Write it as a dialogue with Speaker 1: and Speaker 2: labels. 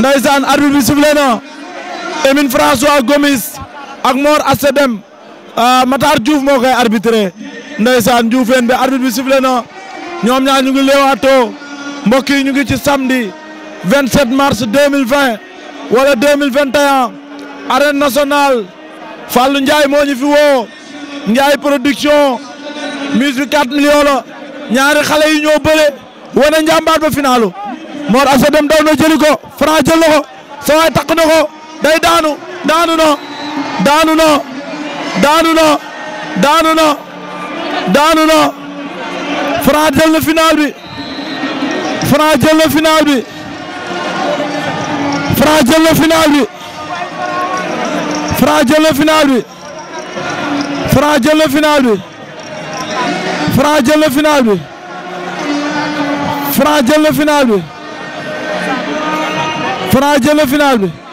Speaker 1: ndaysaan arbitre bi sifflé na Emine Gomis ak Mor Asedem euh, Matar Diouf moo koy arbitré ndaysaan Dioufeen bi arbitre bi sifflé na ñoom ñaar ñu ngi leewaatoo mbokk yi ñu ngi ci samedi 27 mars 2020 wala 2021 arène nationale Fallou Ndiaye moo ñu fi woo Ndiaye production mise bi 4 millions ñaari xale yi ñoo bëre wane njàmbaar ba finalu Mor Asadem daw na jëli ko Franc jël na ko sa waay takk na ko day daanu daanu na daanu na daanu na daanu na daanu bi Franc jël na bi Franc jël na bi Franc jël na bi Franc jël na bi Franc jël na bi Franc jël na final bi